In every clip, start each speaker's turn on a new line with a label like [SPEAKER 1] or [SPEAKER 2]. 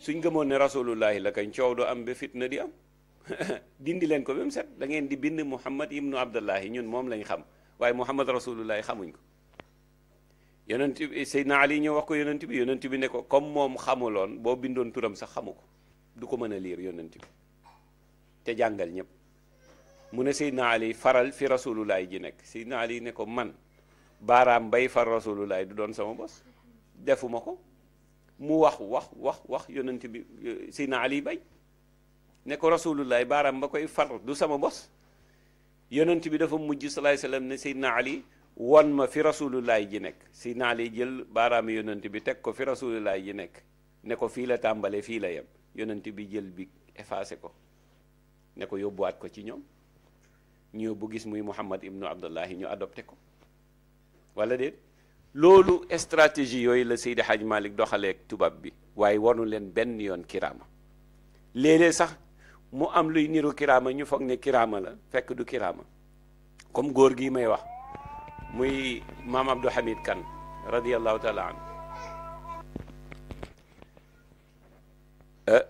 [SPEAKER 1] suñ gëmoon ne rasulullahi la kañ coow du am ba fitna di am dindi leen ko ba mu set da ngeen di bind muhammad ibnu abdallahi ñun moom lañ xam waaye muhammad rasulullahi xamuñ ko yonent bi Seydina Ali ñëw wax ko yonent bi yonent bi ne ko comme moom xamuloon boo bindoon turam sax xamu ko du ko mën a liir yonent bi te jàngal ñëpp mu ne Seydina Ali faral fi rasulullahi ji nekk Seydina Ali ne ko man baaraam bay far rasulullahi du doon sama bos defuma ko mu wax wax wax wax yonent bi euh, Seydina Ali bay ne ko rasulullahi baaraam ba koy far du sama bos yonent bi dafa mujj salaay salaam ne Seydina Ali won ma fi rasulullahi ji nekk Seydina Ali jël baaraam yonent bi teg ko fi rasulullahi ji nekk ne ko fii la tàmbale fii la yem yonent bi jël bi effacé ko ne ko yóbbuwaat ko ci ñoom ñu yóbbu gis muy Muhammad ibnu Abdullahi ñu adopté ko wala déet loolu stratégie yooyu la Seydi Hadj Malick doxaleek tubaab bi waaye wanu leen benn yoon kiraama léeg sax mu am luy niru kiraama ñu foog ne kiraama la fekk du kiraama comme góor gi may wax muy maam Abdou Hamid Kane radiyallahu taala anhu euh,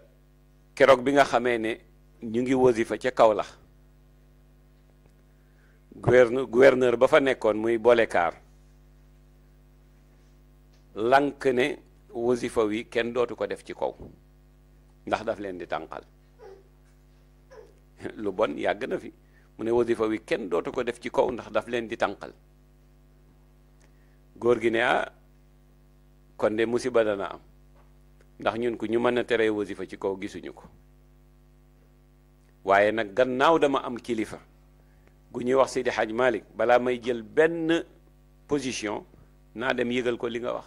[SPEAKER 1] keroog bi nga xamee ne ñu ngi wasifa ca Kaolack gouverneur gouverneur ba fa nekkoon muy Bolekar lank ne wasifa wi kenn dootu ko def ci kaw ndax daf leen di tànqal lu bon yàgg na fi mu ne wasifa wi kenn dootu ko def ci kaw ndax daf leen di tànqal góor gi ne ah kon de musiba dana am ndax ñun ku ñu mën a teree wasifa ci kaw gisuñu ko waaye nag gannaaw dama am kilifa gu ñuy wax Seydi Hadj Malick balaa may jël benn position naa dem yëgal ko li nga wax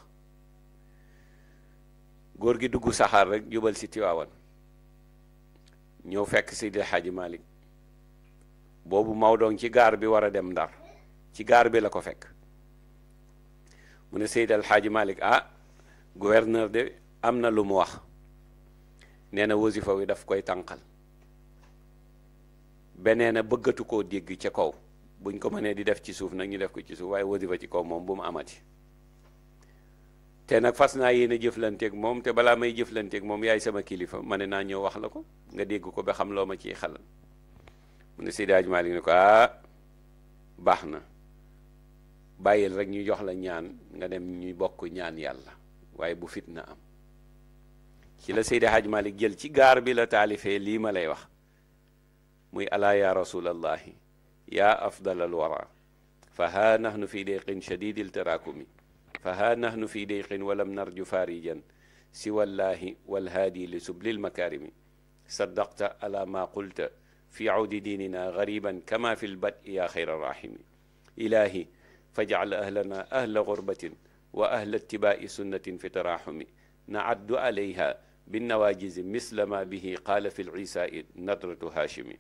[SPEAKER 1] góor gi dugg saxaar rek jubal si Tiwaawan ñëw fekk Seydi Xaaji Malik boobu Maodo ci gaar bi war a dem Ndar ci gaar bi la ko fekk mu ne Seydi Alxaaji Malik ah gouverneur de am na lu mu wax nee na wasifa wi daf koy tànqal beneen a bëggatu koo dégg ca kaw buñ ko mënee di def ci suuf nag ñu def ko ci suuf waaye wasifa ci kaw moom bu mu amati te nag fas naa yéen a jëflanteeg moom te balaa may jëflanteeg moom yaay sama kilifa ma ne naa ñëw wax la ko nga dégg ko ba xam loo ma ci xalal mu ne Seydi Hadji Malick ne ko ah baax na bàyyil rek ñu jox la ñaan nga dem ñu bokk ñaan yàlla waaye bu fitna am ci la Seydi Hadji Malick jël ci gaar bi la taalifee lii ma lay wax muy alaa ya rasulallahi ya afdalal wara fa haa nahnu fi deqin shadidil taraakumi fa haa nahnu fi dayqin walam narju farijan siwa llaahi walhaadi li sublil makaarimi saddaqta ala ma qulta fi awdi diinina gariban kama fi lbad'i ya xayra rahimi ilahi fajcal ahlana ahla gurbatin wa ahla ittibaa'i sunnatin fi taraxumi naaddu alayha binnawajizi misla ma bihi qaala fi lcisaai nadratu haashimi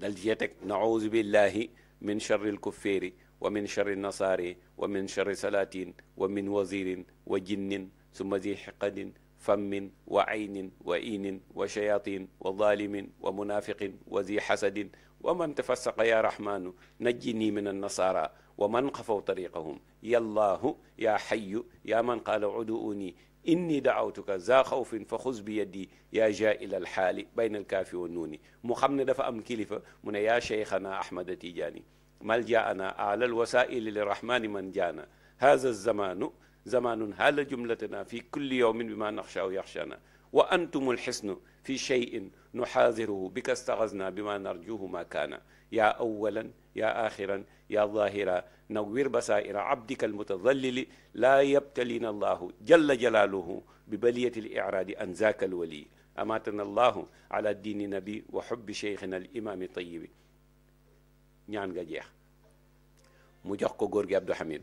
[SPEAKER 1] dal jee teg nauzu billahi min charri lkufféeri wa min charri nasaari wa min charri salaatin wa min wazirin wa jinnin summa zi xiqadin fammin wa aynin wa inin wa shayatin wa zalimin wa munafiqin wa zi xasadin wa man tafassaqa ya rahmanu najjini min annasaara wa man xafaw tariqahum yallaahu yaa xayu yaa man qaala uduuni inni daawtuka za xawfin fa xuz bi yeddi yaa ja ila alxaali bayna alkaafi wa nuuni mu xam ne dafa am kilifa mu ne yaa cheykhana ahmada tijaani ملجأنا أعلى الوسائل للرحمن من جانا هذا الزمان زمان هال جملتنا في كل يوم بما نخشى يخشانا وأنتم الحسن في شيء نحاذره بك استغزنا بما نرجوه ما كان يا أولا يا آخرا يا ظاهرا نور بصائر عبدك المتظلل لا يبتلينا الله جل جلاله ببلية الإعراض عن ذاك الولي أماتنا الله على دين نبي وحب شيخنا الإمام الطيب ñaan nga jeex mu jox ko góor gi Abdou Hamid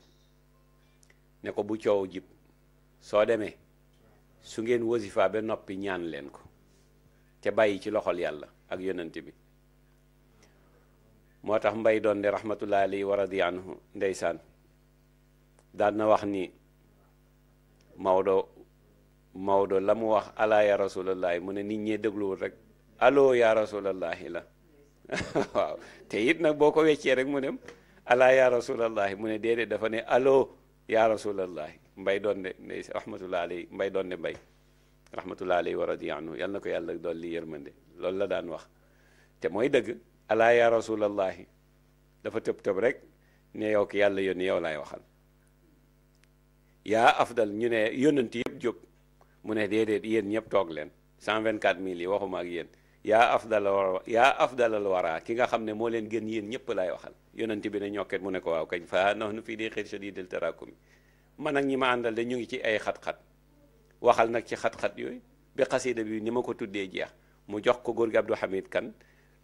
[SPEAKER 1] ne ko bu coow jib soo demee su ngeen wasifa ba noppi ñaan leen ko te bàyyi ci loxol yàlla ak yonent bi moo tax mbay doon de rahmatullahi alayhi wa radi ndeysaan daan na wax ni Maodo Maodo la mu wax alaa ya rasulallahi mu ne nit ñee dégluwul rek allo ya rasulallahi la waaw te it nag boo ko weccee rek mu dem alaa yaa rasulallahi mu ne déedéet dafa ne allo yaa rasulallahi mbay doon ne rahmatullah alay mbay doon ne mbay rahmatullah alay wa radiya anhu yal na ko yàlla doon li yërmande loolu la daan wax te mooy dëgg alaa yaa rasulallahi dafa tëb tëb rek ne yow ki yàlla yoon yow laay waxal yaa afdal ñu ne yónnant yëpp jóg mu ne déedéet yéen ñëpp toog leen 124000 yi waxuma yéen yaa afdal yaa afdalal wara ki nga xam ne moo leen gën yéen ñëpp laay waxal yonent bi ne ñokket mu ne ko waaw kañ fa nahnu fii di xirsa di del taraakumi man ak ñi ma àndal de ñu ngi ci ay xat-xat waxal nag ci xat-xat yooyu bi xasida bi ni ma ko tuddee jeex mu jox ko góor gi Abdou Hamid Kan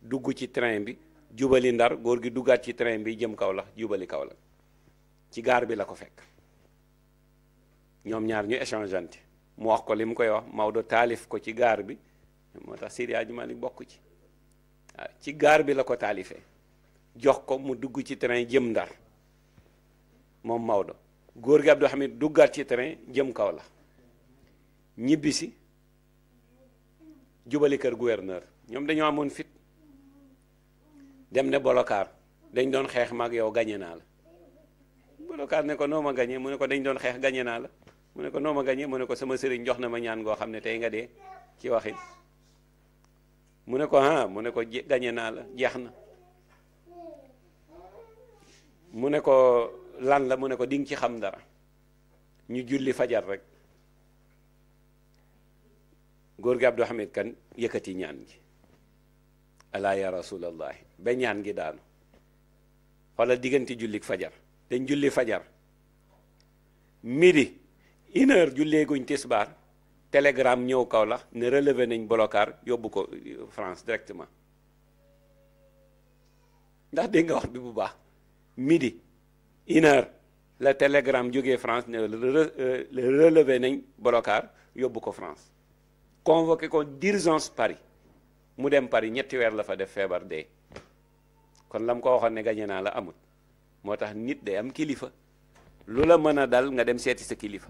[SPEAKER 1] dugg ci train bi jubali ndar góor gi duggaat ci train bi jëm Kaolack jubali Kaolack ci gaar bi la ko fekk ñoom ñaar ñu échangeante mu wax ko li mu koy wax Maodo taalif ko ci gaar bi moo tax Seydi ma Malick bokk ci ci gaar bi la ko taalifee jox ko mu dugg ci train jëm ndar moom Maodo góor gi Abdou Hamid duggaat ci train jëm kaw la ñibbisi jubali kër gouverneur ñoom dañoo amoon fit dem ne bolokaar dañ doon xeex maag yow gañe naa la bolokaar ne ko noo ma gañe mu ne ko dañ doon xeex gañe naa la mu ne ko noo ma gañe mu ne ko sama sëriñ jox na ma ñaan goo xam ne tey nga dee ci waxin mu ne ko ah mu ne ko gañe naa la jeex na mu ne ko lan la mu ne ko di ci xam dara ñu julli fajar rek góor gi Abdou Hamid kan yëkkati ñaan gi alaa ya rasulallahi ba ñaan gi daanu xoolal diggante jullik fajar dañ julli fajar midi une heure julleeguñ tisbaar télégramme ñëw kaw la ne relevé nañ bolokaar yóbbu ko France directement ndax dégg nga wax bi bu baax midi une la télégramme jóge France ne euh, relevé nañ Blocart yóbbu ko France convoqué ko d'urgence Paris mu dem Paris ñetti weer la fa def feebar dee kon la mu ko waxoon ne gañe naa la amut moo tax nit day am kilifa lu la mën a dal nga dem seeti sa kilifa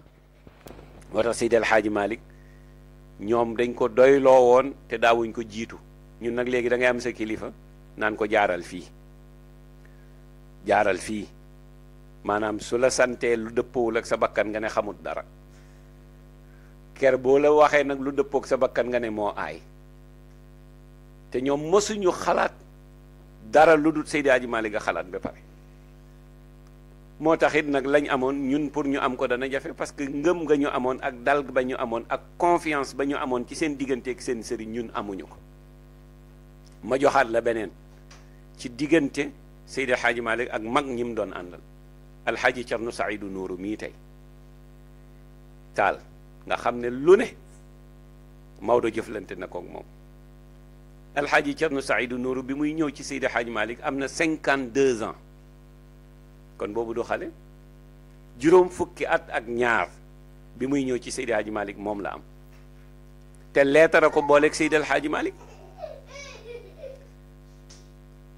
[SPEAKER 1] moo tax Seydi El Hadji Malick ñoom dañ ko doyloo woon te daawuñ ko jiitu ñun nag léegi da ngay am sa kilifa naan ko jaaral fii jaaral fii maanaam su la santee lu dëppoowul ak sa bakkan nga ne xamut dara ker boo la waxee nag lu dëppook sa bakkan nga ne moo aay te ñoom mësuñu xalaat dara lu dul Seydi Hadji nga xalaat ba pare moo tax it nag lañ amoon ñun pour ñu am ko dana jafe parce que ngëm nga ñu amoon ak dal ba ñu amoon ak confiance ba ñu amoon ci seen diggante ak seen sëriñ ñun amuñu ko ma joxaat la beneen ci diggante Seydi Xaaji Malick ak mag ñim doon àndal alxaaji Cerno Saidu Nuuru mii tey taal nga xam ne lu ne Maodo jëflante na koog moom alxaaji Cerno Saidu Nuuru bi muy ñëw ci Seydi Xaaji Malick am na 52 ans kon boobu du xale juróom fukki at ak ñaar bi muy ñëw ci Seydi Xaaji malik moom la am te leetara ko booleeg Seydi Alxaaji Malick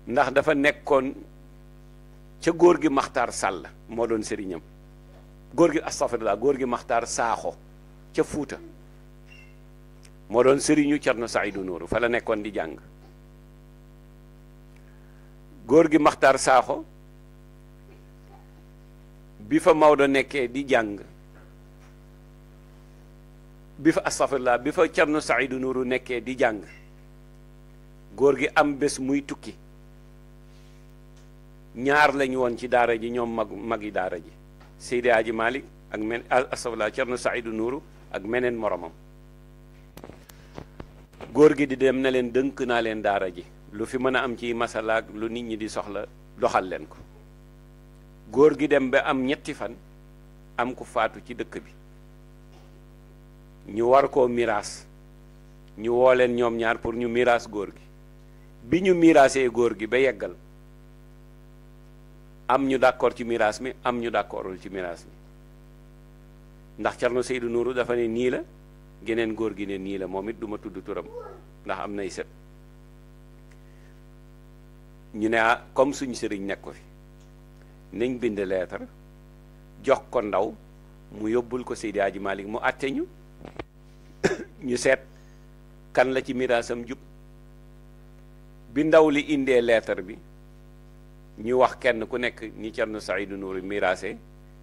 [SPEAKER 1] ndax dafa nekkoon ca góor gi maxtaar sàll moo doon sëriñam góor gi astafirlaa góor gi maxtaar saaxo ca fuuta moo doon sëriñu Cerno Saydu Nuuru fa la nekkoon di jàng góor gi maxtaar saaxo bi fa Maodo nekkee di jàng bi fa astafirlaa bi fa Cerno Saydu Nuuru nekkee di jàng góor gi am bés muy tukki ñaar lañu woon ci daara ji ñoom mag mag yi daara ji Seydi Aji Malick ak men astafurlah Cerno Saidu Nuuru ak meneen moromam góor gi di dem na leen dënk naa leen daara ji lu fi mën a am ci masalaak lu nit ñi di soxla doxal leen ko góor gi dem ba am ñetti fan am ku faatu ci dëkk bi ñu war koo miraas ñu woo leen ñoom ñaar pour ñu miraas góor gi bi ñu miraasee góor gi ba yeggal am ñu d'accord ci miraas mi am ñu d'accordul ci miraas mi ndax Thierno Seydou Nourou dafa ne nii la geneen góor gi ne nii la moom it du ma tudd turam ndax am nay set ñu ne ah comme suñ sëriñ nekk ko fi nañ bind lettre jox ko ndaw mu yóbbul ko Seydi Hadji mu àtte ñu ñu seet kan la ci miraasam jub bi ndaw li indee leetar bi ñu wax kenn ku nekk ni Thierno Saïdou Nourou miraase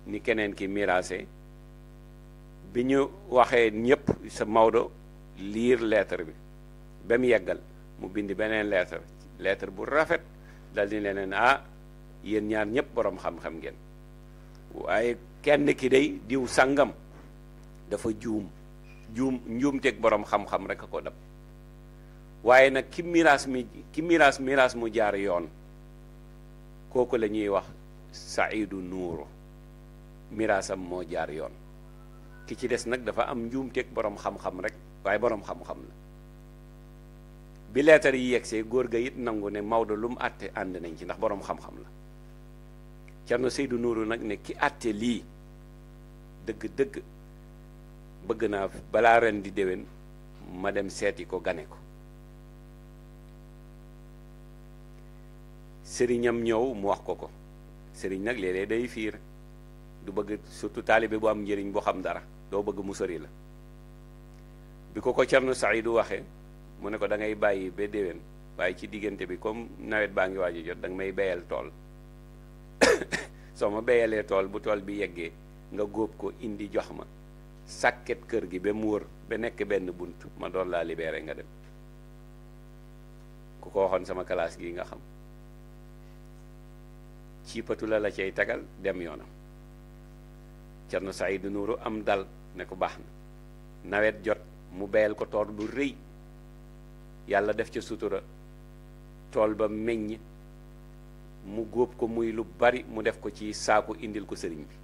[SPEAKER 1] ni keneen ki miraase bi ñu waxee ñépp sa Maodo liir lettre bi ba mu yeggal mu bind beneen lettre lettre bu rafet dal di leneen ah yéen ñaar ñëpp boroom xam-xam ngeen waaye kenn ki day diw sàngam dafa juum juum njuumteeg boroom xam-xam rek a ko dab waaye nag ki miraas mi ki miraas miraas mu jaar yoon kooku la ñuy wax Saidu Nuuru miraasam moo jaar yoon ki ci des nag dafa am njuumteeg boroom xam-xam rek waaye boroom xam-xam la bi leetar yi yegsee góor ga it nangu ne Maodo lu mu àtte ànd nañ ci ndax boroom xam-xam la Cerno Seydu Nuuru nag ne ki àtte lii dëgg-dëgg bëgg naa balaa ren di déwén ma dem seeti ko gane ko sëriñam ñëw mu wax ko ko sëriñ nag léeg-léeg day fiir du bëgg surtout taalibe bu am njëriñ boo xam dara doo bëgg mu sori la bi ko ko Cerno Saydu waxee mu ne ko da ngay bàyyi ba déwén waaye ci diggante bi comme nawet baa ngi waaj a jot danga may béyal tool soo ma béyalee tool bu tool bi yeggee nga góob ko indi jox ma sàkket kër gi ba mu wër ba nekk benn bunt ma doon laa libéré nga dem ku ko waxoon sama classe gi nga xam ci ciipatu la la cay tagal dem yoonam Cerno du Nuuru am dal ne ko baax na nawet jot mu beyal ko tool bu rëy yàlla def ca sutura tool ba meññ mu góob ko muy lu bari mu def ko ci saaku indil ko sëriñ bi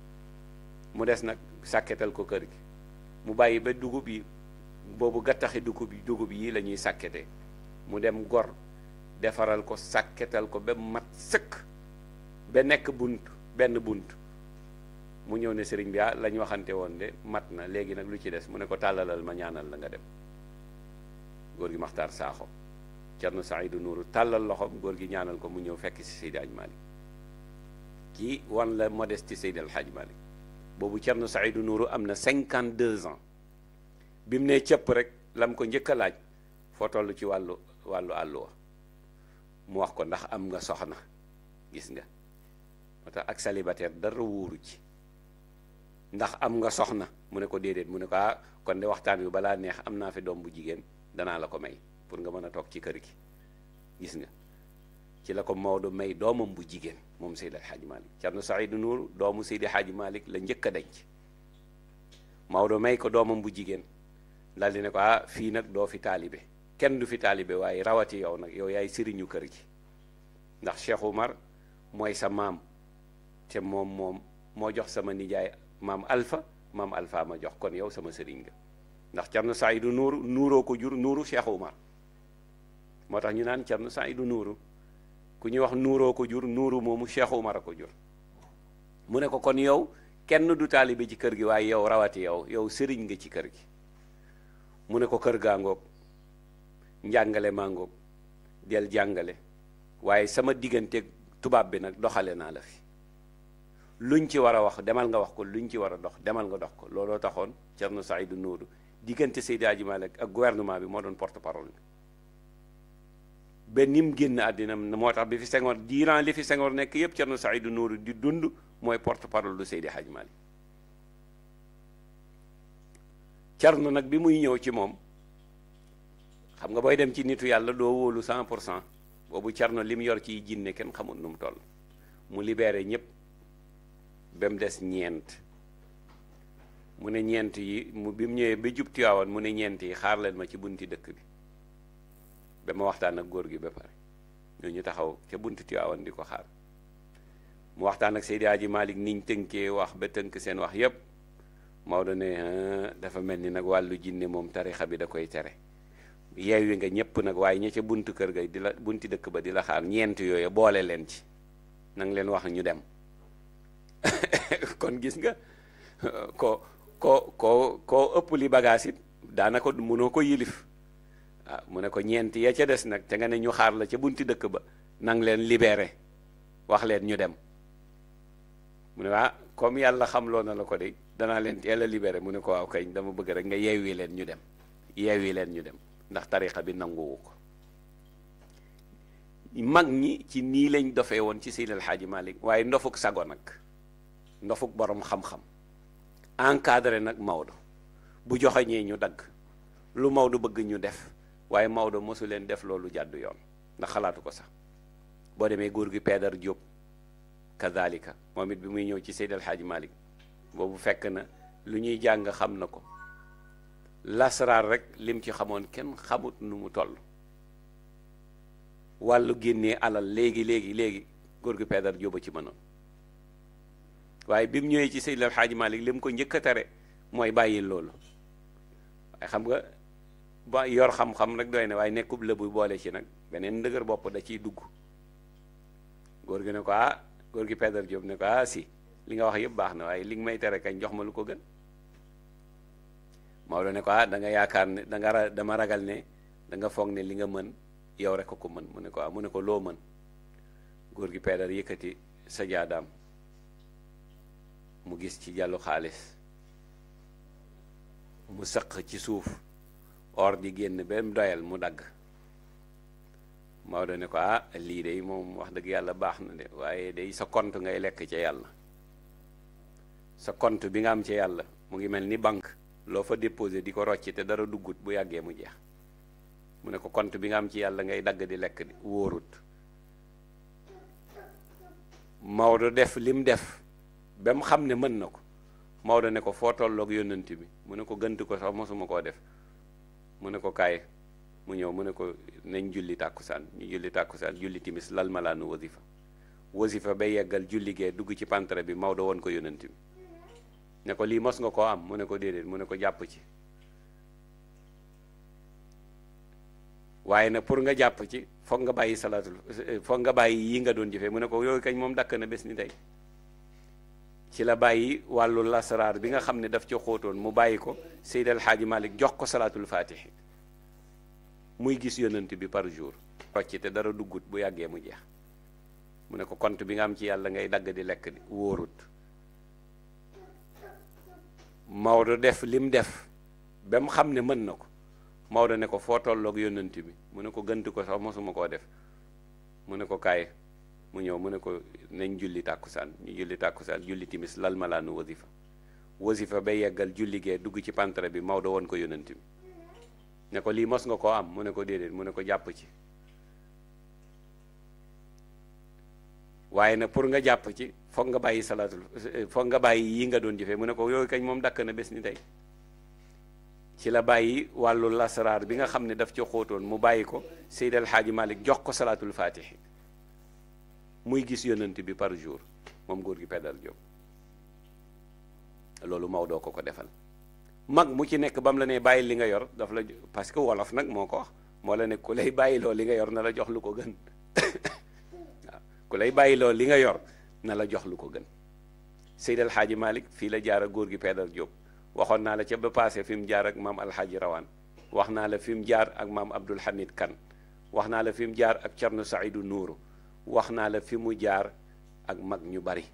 [SPEAKER 1] mu des nag sàkketal ko kër gi mu bàyyi ba dugub yi boobu gattaxi dugub yi dugub yi la ñuy sàkkete mu dem gor defaral ko sàkketal ko ba mat sëkk ba nekk bunt benn bunt mu ñëw ne sëriñ bi ah la ñu waxante woon de mat na léegi nag lu ci des mu ne ko tàllalal ma ñaanal la nga dem góor gi Maxtaar Saaxo Cerno Saidu Nuuru tàllal loxoom góor gi ñaanal ko mu ñëw fekk si Seydi Aj Malik kii wan la modeste Seydi Al Hadj Malik boobu Cerno Saidu Nuuru am na 52 ans bi mu nee cëpp rek lam ko njëkk a laaj foo toll ci wàllu wàllu àlluwa mu wax ko ndax am nga soxna gis nga moo tax ak célibataire dara wóoru ci ndax am nga soxna mu ne ko déedéet mu ne ko ah kon de waxtaan wi balaa neex am naa fi doom bu jigéen danaa la ko may pour nga mën a toog ci kër gi gis nga ci la ko Maodo may doomam bu jigéen moom Seydi Hadji Malick Thierno Saïdou Nourou doomu Seydi Hadji Malick la njëkk a denc Maodo may ko doomam bu jigéen daal ne ko ah, fii nag doo fi taalibe kenn du fi taalibe waaye rawati yow nag yow yaay sëriñu kër gi ndax Cheikh Oumar mooy sa maam te moom moom moo jox sama nijaay maam alfa maam Alpha ma jox kon yow sama sëriñ nga ndax Thierno Saïdou Nourou Nouroo ko jur Nourou Cheikh Oumar moo tax ñu naan Thierno Saïdou Nourou ku ñuy wax Nouroo ko jur nuuru moomu Cheikh Oumar a ko jur. mu ne ko kon yow kenn du taalibe ci kër gi waaye yow rawati yow yow sëriñ nga ci kër gi mu ne ko kër gaa ngoog njàngale maa ngoog del jàngale waaye sama diggante tubaab bi nag doxale naa la fi. lu luñ ci war a wax demal nga wax ko luñ ci war a dox demal nga dox ko looloo taxoon Thierno Saïdou Nourou diggante Seydi Hadji Malick ak gouvernement bi moo doon porte parole bi ba nim génn àddina moo tax bi fi Senghor diiran li fi Senghor nekk yëpp Thierno Saïdou Nourou di dund mooy porte parole du Seydi Hadji Malick Thierno nag bi muy ñëw ci moom xam nga booy dem ci nitu yàlla doo wóolu 100 pour cent boobu Thierno li mu yor ciy jinne kenn xamul nu mu toll mu libéré ñëpp. ba mu des ñeent mu ne ñeent yi mu bi mu ñëwee ba jub Tiwaawan mu ne ñeent yi xaar leen ma ci bunti dëkk bi ba ma waxtaan ak góor gi ba pare ñoo ñu taxaw ca bunti Tiwaawan di ko xaar mu waxtaan ak Seydi Hadji Malick niñ tënkee wax ba tënk seen wax yépp Maodo ne dafa mel ni nag wàllu jinne moom tarixa bi da koy tere yeewi nga ñëpp nag waaye ña ca bunt kër ga di la bunti dëkk ba di la xaar ñeent yooyu boole leen ci nang leen wax ñu dem kon gis nga ko ko ko koo ëpp li bagage it daanaka mënoo ko yilif waaw ah, mu ne ko ñeenti ya ca des nag te nga ne ñu xaar la ca bunti dëkk ba nang leen libéré wax leen ñu dem mu ne waa comme yàlla xamloo na la ko de danaa leen teel a libéré mu ne ko waaw kay dama bëgg rek nga yeewi leen ñu dem yeewi leen ñu dem ndax tarixa bi nanguwu ko mag ñi ci nii lañ dofee woon ci Seydil Hadji Malick waaye ndofuk sago nag ndofuk boroom xam-xam encadré nag Maodo bu joxeñee ñu dagg lu Maodo bëgg ñu def waaye Maodo mosu leen def loolu jàdd yoon ndax xalaatu ko sax boo demee góor gi Peedar Diop kadalika moom it bi muy ñëw ci Seydi El Hadji Malick boobu fekk na lu ñuy jàng xam na ko lasraar rek lim ci xamoon kenn xamut nu mu toll wàllu génnee alal léegi léegi léegi góor gi Peedar Diop a ci mënoon waaye bi mu ñëwee ci Seydil Hadji Malick li mu ko njëkk a tare mooy bàyyil loolu waaye xam nga ba yor xam-xam rek doy na waaye nekkub lëbu boole ci nag beneen ndëgër bopp da ciy dugg góor gi ne ko ah góor gi Pedar Diop ne ko ah si li nga wax yëpp baax na li nga may tere kañ jox ma ko gën Maodo ne ko ah da nga yaakaar ne da ragal ne da nga foog ne li nga mën yow rek ko ko mën mu ne ko ah mu ne ko loo mën góor gi Pedar yëkkati sa jaadaam mu gis ci jàllu xaalis mu sëq ci suuf or di génn ba mu doyal mu dagg Maodo ne ko ah lii de moom wax dëgg yàlla baax na de waaye day sa compte ngay lekk ca yàlla sa compte bi nga am ca yàlla mu ngi mel ni banque loo fa déposé di ko rocci te dara duggut bu yàggee mu jeex mu ne ko compte bi nga am ci yàlla ngay dagg di lekk di wóorut Maodo def lim def ba xam ne mën na ko Maodo ne ko foo tolloog yónnante bi mu ne ko gënt ko sax mosuma koo def mu ne ko kaay mu ñëw mu ne ko nañ julli tàkkusaan ñu julli tàkkusaan julli timis lal malaanu wasifa wasifa ba yeggal julli gee dugg ci pantre bi Maodo woon ko yónnante bi ne ko lii mos nga koo am mu ne ko déedéet mu ne ko jàpp ci waaye nag pour nga jàpp ci foog nga bàyyi salaatul foog nga bàyyi yi nga doon jëfee mu ne ko yooyu kañ moom dakk na bés ni tey ci la bàyyi wàllu lasaraar bi nga xam ne daf ci xootoon mu bàyyi ko Seydi El Hadji jox ko salaatul faatihi muy gis yonent bi par jour rocc te dara duggut bu yàggee mu jeex mu ne ko compte bi nga am ci yàlla ngay dagg di lekk di wóorut Maodo def lim def ba mu xam ne mën na ko Maodo ne ko foo tolloog yonent bi mu ne ko gënt ko sax mosuma koo def mu ne ko kaay mu ñëw mu ne ko nañ julli tàkkusaan ñu julli tàkkusaan julli timis lal malaanu wasifa wasifa ba yeggal julli gee dugg ci pantre bi Maodo woon ko yonent bi ne ko lii mos nga koo am mu ne ko déedéet mu ne ko jàpp ci waaye nag pour nga jàpp ci foog nga bàyyi salaatul nga bàyyi yi nga doon jëfee mu ne ko yooyu kañ moom dakk na bés ni tey ci la bàyyi wàllu lasaraar bi nga xam ne daf ci xootoon mu bàyyi ko Seydal Xaaji Malik jox ko salaatul faatihi muy gis yonent bi par jour moom góor gi pedal Diop loolu Maodo ko ko defal mag mu ci nekk ba mu la nee bàyyi li nga yor daf la parce que wolof nag moo ko wax moo la ne ku lay bàyyiloo li nga yor na la jox lu ko gën waaw ku lay li nga yor na la jox lu ko gën Seydi El Hadji fii la jaar ak góor gi pedal Diop waxoon naa la ca ba passé fi mu jaar ak maam Alxaaji Rawaan wax naa la fi mu jaar ak maam Abdul Hamid Kan wax naa la fi mu jaar ak Cerno Saidu Nuuru wax naa la fi mu jaar ak mag ñu bari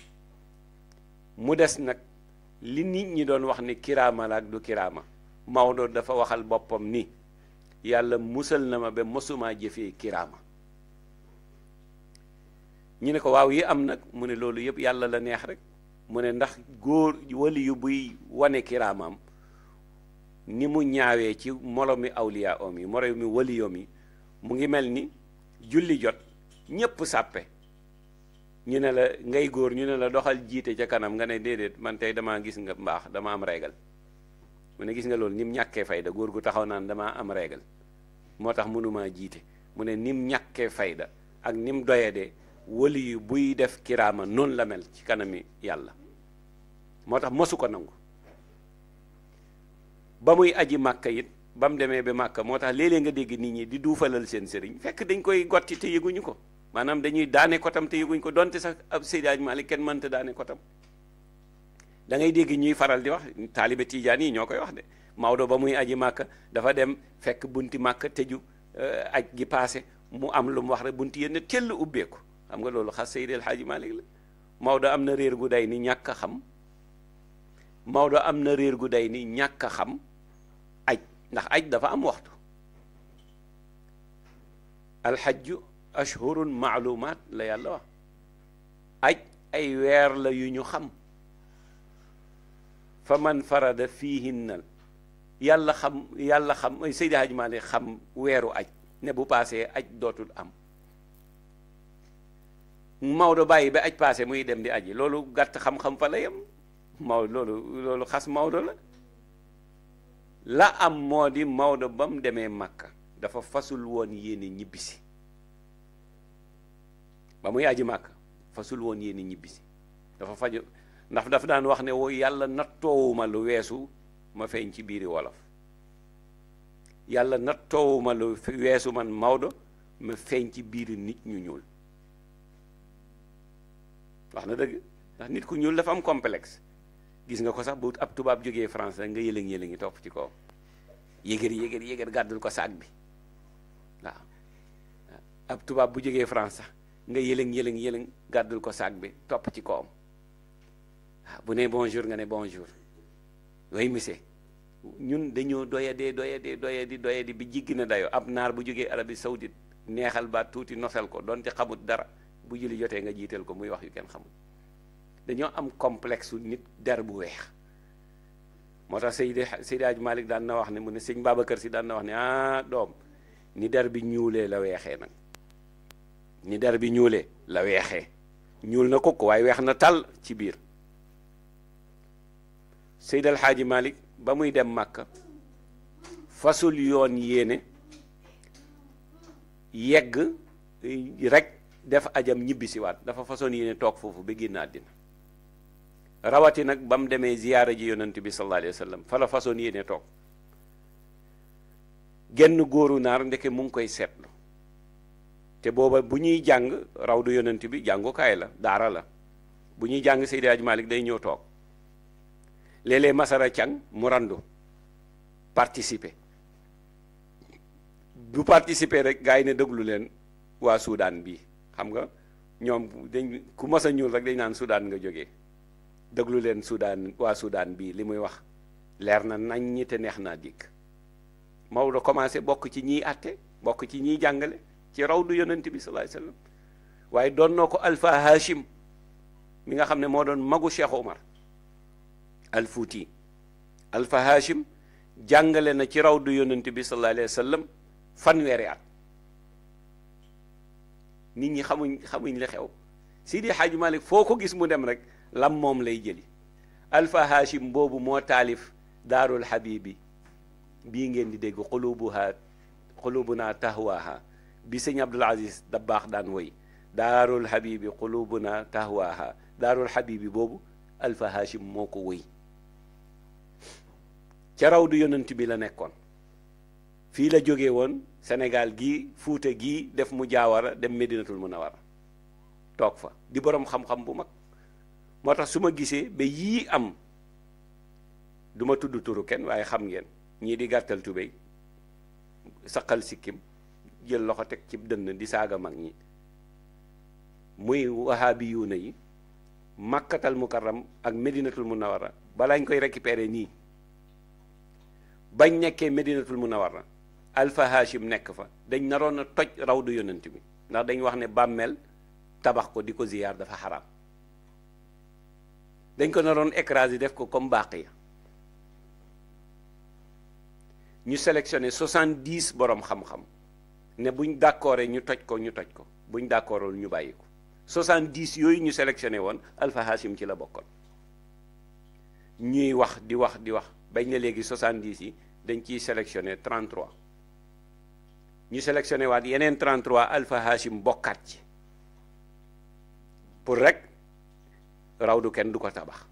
[SPEAKER 1] mu des nag li nit ñi doon wax ni kiraama la ak du kiraama Maodo dafa waxal boppam ni yàlla musal na ma ba mosumaa jëfee kiraama ñu ne ko waaw yi am nag mu ne loolu yëpp yàlla la neex rek mu ne ndax góor wali buy wane kiraamam ni mu ñaawee ci molo mi awliya om yi moro mi yi mu ngi mel ni julli jot ñépp sàppe ñu ne la ngay góor ñu ne la doxal jiite ca kanam nga ne déedéet man tey damaa gis nga mbaax dama am régal mu ne gis nga loolu ni ñàkkee fayda góor gu taxaw naan damaa am régal moo tax mënumaa jiite mu ne ni mu ñàkkee fayda ak ni mu doyadee wali buy def kiraama noonu la mel ci kanami yàlla moo tax mosu ko nangu ba muy aji màkka yit ba mu demee ba màkka moo tax léeg-léeg nga dégg nit ñi di duufalal seen sëriñ fekk dañ koy gotti te yëguñu ko maanaam dañuy daane kotam te yëguñ ko donte sax ab Seydi Hadji kenn mënta daane kotam da ñuy faral di wax taalibe tiijaan yi ñoo koy wax de Maodo ba muy aji màkk dafa dem fekk bunti màkk tëju eh, aj gi paase mu am lu mu wax rek bunti yenn tell ubbeeku xam nga loolu xas Seydi El Hadji Malick la Maodo am na réer gu day ni ñàkk a xam Maodo am na réer gu day ni ñàkk xam aj ndax aj dafa am waxtu alxajju ashhurun maalumaat la yàlla wax aj ay weer la yu ñu xam fa man farada fiihinnal yàlla xam yàlla xam Seydi Hadji Malick xam weeru aj ne bu paasee aj dootul am Maodo bàyyi ba aj paase muy dem di aji loolu gàtt xam-xam fa la yem loolu loolu xas Maodo la la am moo di Maodo ba mu demee Makka dafa fasul woon yéene ñibbisi ba muy ji màkk fasul woon yéen ñibbisi dafa faju ndax dafa daan wax ne woo yàlla nattoowuma lu weesu ma feeñ ci biiri wolof yàlla nattoowuma lu man Maodo ma feeñ ci biiri nit ñu ñuul wax na dëgg ndax nit ku ñuul dafa am complex gis nga ko sax bu ab tubaab jógee France rek nga yëlëng yëlëngi topp ci kaw yéegéer yéegéer yéegéer gàddul ko saag bi waaw ab tubaab bu jógee France sax nga yëlëng yëlëng yëlëng gàddul ko saag bi topp ci kawam bu ne bonjour nga ne bonjour oui monsieur ñun dañoo doyadee doyadee doyadi doyadi bi jiggi na dayoo ab naar bu jógee Arabie Saoudite neexal baat tuuti nosal ko donte xamut dara bu julli jotee nga jiital ko muy wax yu kenn xamul dañoo am complexu nit dar bu weex moo tax Seydi Seydi Hadj Malick daan na wax ne mu ne sëñ kër si daan na wax ne ah doom ni der bi ñuulee la weexee nag ni der bi ñuulee la weexee ñuul na kukk waaye weex na tàll ci biir seydal xaaji Hadji ba muy dem Màkka fasul yoon yéene yegg rek def ajam ñibbisiwaat dafa façon yéene toog foofu ba génn àddina rawati nag ba mu demee ziyaara ji yonent bi sallallahu alayhi wa sallam fa la façon yéene toog genn góoru naar ndeke mu ngi koy seetlu te booba bu ñuy jàng rawdu yonent bi jàngukaay la daara la bu ñuy jàng Seydi Hadj Malick day ñëw toog léeg-léeg Masara Cang mu randu participer bu participer rek gars yi ne déglu leen waa Soudan bii xam nga ñoom dañ ku mas a ñuul rek dañ naan sudaan nga jógee déglu leen Soudan waa Soudan bii li muy wax leer na nañ ñi te neex naa dikk Maodo commencé bokk ci ñiy àtte bokk ci ñiy jàngale ci rawdu yonent bi sallallahu alayhi wasallam waaye doon noo ko alfa hashim mi nga xam ne moo doon magu Cheikh Omar alfuuti alfa hashim jàngale na ci rawdu yonent bi sallallahu alayhi wasallam fanweeri at nit ñi xamuñ xamuñ li xew Sidi Hadj Malick foo ko gis mu dem rek lam moom lay jëli alfa hashim boobu moo taalif daarul habibi bii ngeen di dégg xulubuha xulubuna tahwaha bi sëñ Abdul Aziz Dabaax daan woy daarul habibi qulubuna tahwaha daarul habibi boobu Alfa Hachim moo ko woy ca raw du yonent bi la nekkoon fii la jóge woon Sénégal gi Fuuta gi def mu jaawara dem Medinatul Munawara toog fa di boroom xam-xam bu mag moo tax su ma gisee ba yii am duma tudd turu kenn waaye xam ngeen ñii di gàttal tubéy saqal sikkim jël loxo teg ci dënn di saaga mag ñi muy wahabi yuuna yi makkatal mukarram ak medinatul munawara balaa balaañ koy récupérer nii bañ nekkee medinatul munawara alfa hashim nekk fa dañ naroon a toj rawdu yonent bi ndax dañ wax ne bàmmeel tabax ko di ko ziyaar dafa xaraam dañ ko naroon écraser def ko comme baax ya ñu sélectionné soixante-dix boroom xam-xam ne buñ d'accord ñu toj ko ñu toj ko buñ d'accordul ñu bàyyi ko 70 yooyu ñu sélectionné woon Alpha Hashim ci la bokkoon ñuy wax di wax di wax bañ ne léegi 70 yi dañ ciy sélectionné 33 ñu sélectionné waat yeneen 33 Alpha Hashim bokkaat ci pour rek rawdu kenn du ko tabax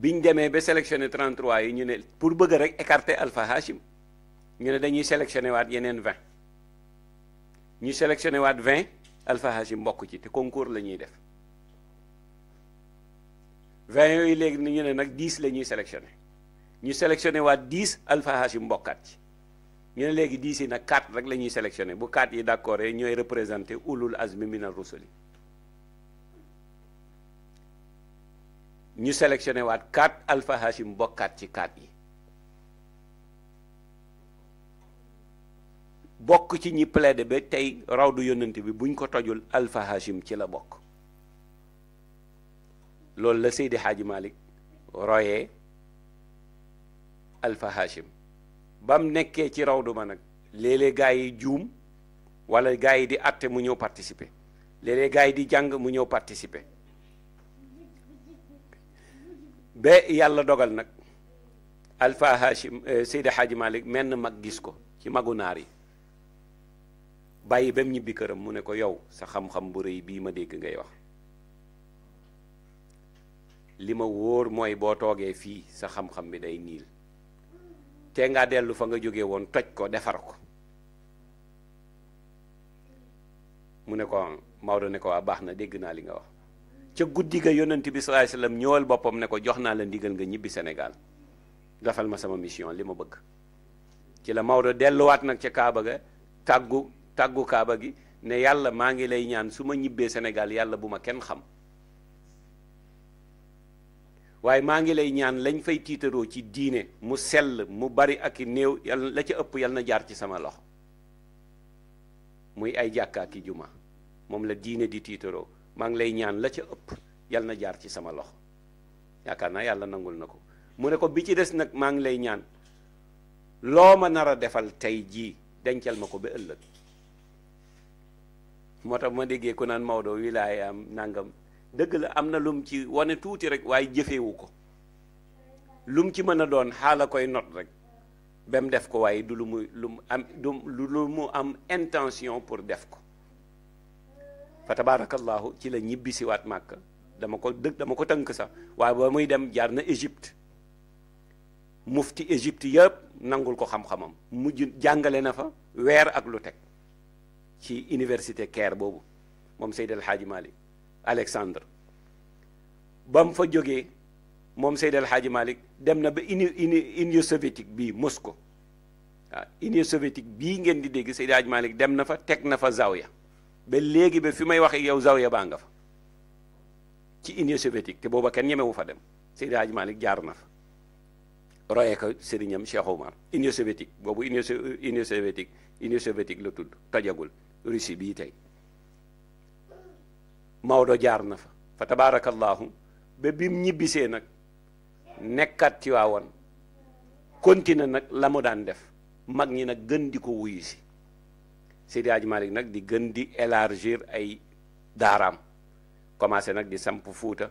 [SPEAKER 1] biñ demee ba sélectionné 33 yi ñu ne pour bëgg rek écarter Alpha Hashim ñu ne dañuy sélectionné waat yeneen vingt ñu sélectionné waat vingt Alpha Hashim mbokk ci te concours la ñuy def vingt yooyu léegi ni ñu ne nag dix la ñuy sélectionné ñu sélectionné waat dix Alpha Hashim mbokkaat ci ñu ne léegi dix yi nag quatre rek la ñuy sélectionné bu quatre yi d'accord ñooy représenté ulul azmi minar rusuli ñu sélectionné waat quatre Alpha Hashim mbokkaat ci quatre yi bokk ci ñi plaidé ba tey rawdu yónnante bi buñ ko tojul Alpha Hachim ci la bokk loolu la Seydi Hadji Malick royee Alpha Hachim bam nekkee ci rawdu ma nag léeg-léeg gaa yi juum wala gaa yi di atte mu ñëw participer léeg-léeg gaa yi di jàng mu ñëw participer ba yàlla dogal nag Alpha Hachim eh, Seydi Hadji Malick menn mag gis ko ci magu naar yi bàyyi ba ñibbi këram mu ne ko yow sa xam-xam bu rëy bii ma dégg ngay wax li ma wóor mooy boo toogee fii sa xam-xam bi day niil te ngaa dellu fa nga jóge woon toj ko defar ko mu ne ko Maodo ne ko waa baax na dégg naa li nga wax ca guddi ga yonent bi sallallahu alayhi wasallam ñëwal boppam ne ko jox naa la ndigal nga ñibbi senegal defal ma sama mission li ma bëgg ci la Maodo delluwaat nag ca Kaaba ga tàggu tàggu kaaba gi ne yàlla maa ngi lay ñaan su ma ñibbee senegal yàlla bu ma kenn xam waaye maa ngi lay ñaan lañ fay tiitaroo ci diine mu sell mu bari ak i néew yàlla la ca ëpp yàlla na jaar ci sama loxo muy ay jàkkaa ki juma moom la diine di tiitaroo maa ngi lay ñaan la ca ëpp yàlla na jaar ci sama loxo yaakaar naa yàlla nangul na ko mu ne ko bi ci des nag maa ngi lay ñaan loo ma nar a defal tey jii dencal ma ko ba ëllëg moo tax ma déggee ku naan Maodo wilaaya am nangam dëgg la am na lum ci wane tuuti rek waaye jëfewu ko lum ci mën a doon xaala koy not rek ba mu def ko waaye du lu muy lu mu am du lu mu am intention pour def ko fa tabaarakallaahu ci la ñibbisiwaat màkk dama ko dëgg dama ko tënk sax waaye ba muy dem jaar na Égypte mufti Égypte yëpp nangul ko xam-xamam mujj jàngale na fa weer ak lu teg ci université Caire boobu moom Seydi El malik Malick Alexandre ba fa jógee moom Seydi El Hadji dem na ba uni union soviétique bii Moscou waaw union soviétique bii ngeen di dégg Seydi El Hadji dem na fa teg na fa zawya ba léegi ba fi may wax yow zawya baa nga fa ci union soviétique te booba kenn ñemewu fa dem Seydi El Hadji jaar na fa roye ko sëriñam Cheikh Omar union soviétique boobu union union soviétique union soviétique la tudd tojagul Russie bii tey Maodo jaar na fa fa tabaarakallaahu ba bim ñibbisee nag nekkaat tiwaawan waawoon nag la mu daan def mag ñi nag gën di ko wuyu si Seydi Hadji Malick nag di gën di élargir ay daaram commencé nag di samp Fuuta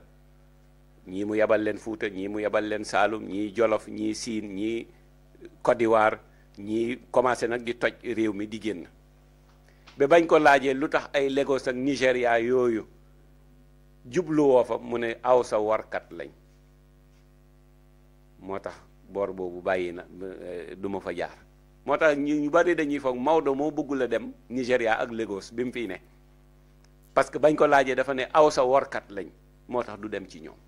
[SPEAKER 1] ñii mu yebal leen Fuuta ñii mu yebal leen Saalum ñii Jolof ñii Siin ñii Côte ñii commencé nag di toj réew mi di génn ba bañ ko laajee lu tax ay Lagos ak nigeria yooyu jubluwoo fa mu ne aw sa warkat lañ moo tax boor boobu bàyyi na eh, du ma fa jaar moo tax ñu bari dañuy foog Maodo moo bëggul a dem Nigéria ak Lagos bi mu fiy ne parce que bañ ko laajee dafa ne aw sa warkat lañ moo tax du dem ci ñoom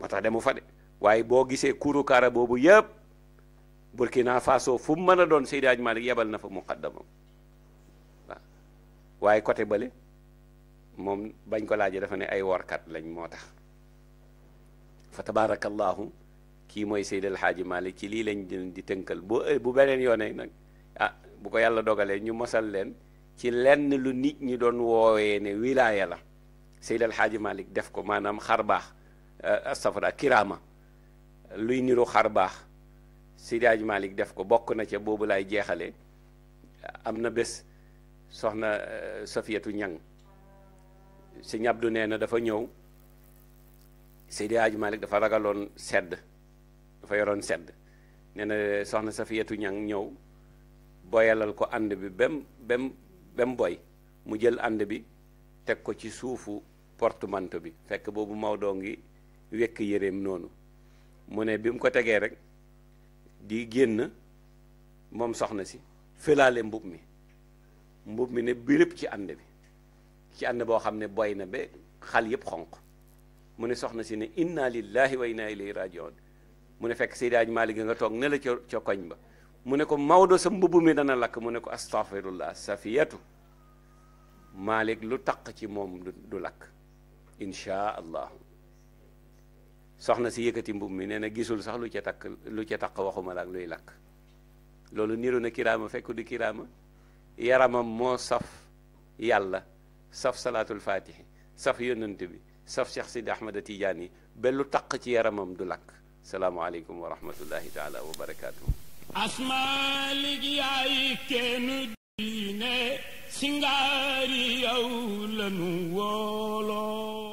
[SPEAKER 1] moo tax demu fa de waaye boo gisee kuuru boobu yëpp Burkina Faso fu mu mën a doon Seydi Hadj Malick yebal na fa muqaddamam waaw waaye côté bale moom bañ ko laajee dafa ne ay warkat lañ moo tax fa tabaarakallaahu kii mooy Seydi El Hadji Malick ci lii lañ di tënkal bu eh, bu beneen yoonee nag ah bu ko yàlla dogalee ñu masal leen ci lenn lu nit ñi doon woowee ne wilaaya la Seydi El Hadji Malick def ko maanaam xar baax eh, astafra kiraama luy niru xar baax Seydi Hadji def ko bokk na ca boobu laay jeexale am na bés soxna euh, Safiyatu Ñang Sëñ Abdu nee na dafa ñëw Seydi malik dafa ragaloon sedd dafa yoroon sedd nee na euh, soxna Safiyatu Ñang ñëw boyalal ko ànd bi bem bem bem boy mu jël ànd bi teg ko ci suufu portemanteau bi fekk boobu Maodo ngi wekk yéreem noonu mu ne bi mu ko tegee rek di génn moom soxna si fëlaale mbub mi mbub mi ne birëb ci ànd bi ci ànd boo xam ne boy na ba xal yépp xonq mu ne soxna si ne inna lillahi wa inna ilayhi rajiun mu ne fekk Seydi Aj Maalik nga toog ne la ca koñ ba mu ne ko Maodo sa mbubb mi dana lakk mu ne ko astaghfirullah safiyatu Maalik lu taq ci moom du lakk inchaa allahu soxna si yëkkati mbubb mi nee na gisul sax lu ca takk lu ca takk waxuma la ak luy lakk loolu niru na kiraama fekk du kiraama yaramam moo saf yàlla saf salaatul faatihi saf yonent bi saf Cheikh Sidi Ahmada Tidiane yi ba taq ci yaramam du lakk salaamualeykum wa rahmatullahi diine singaari yow lanu wooloo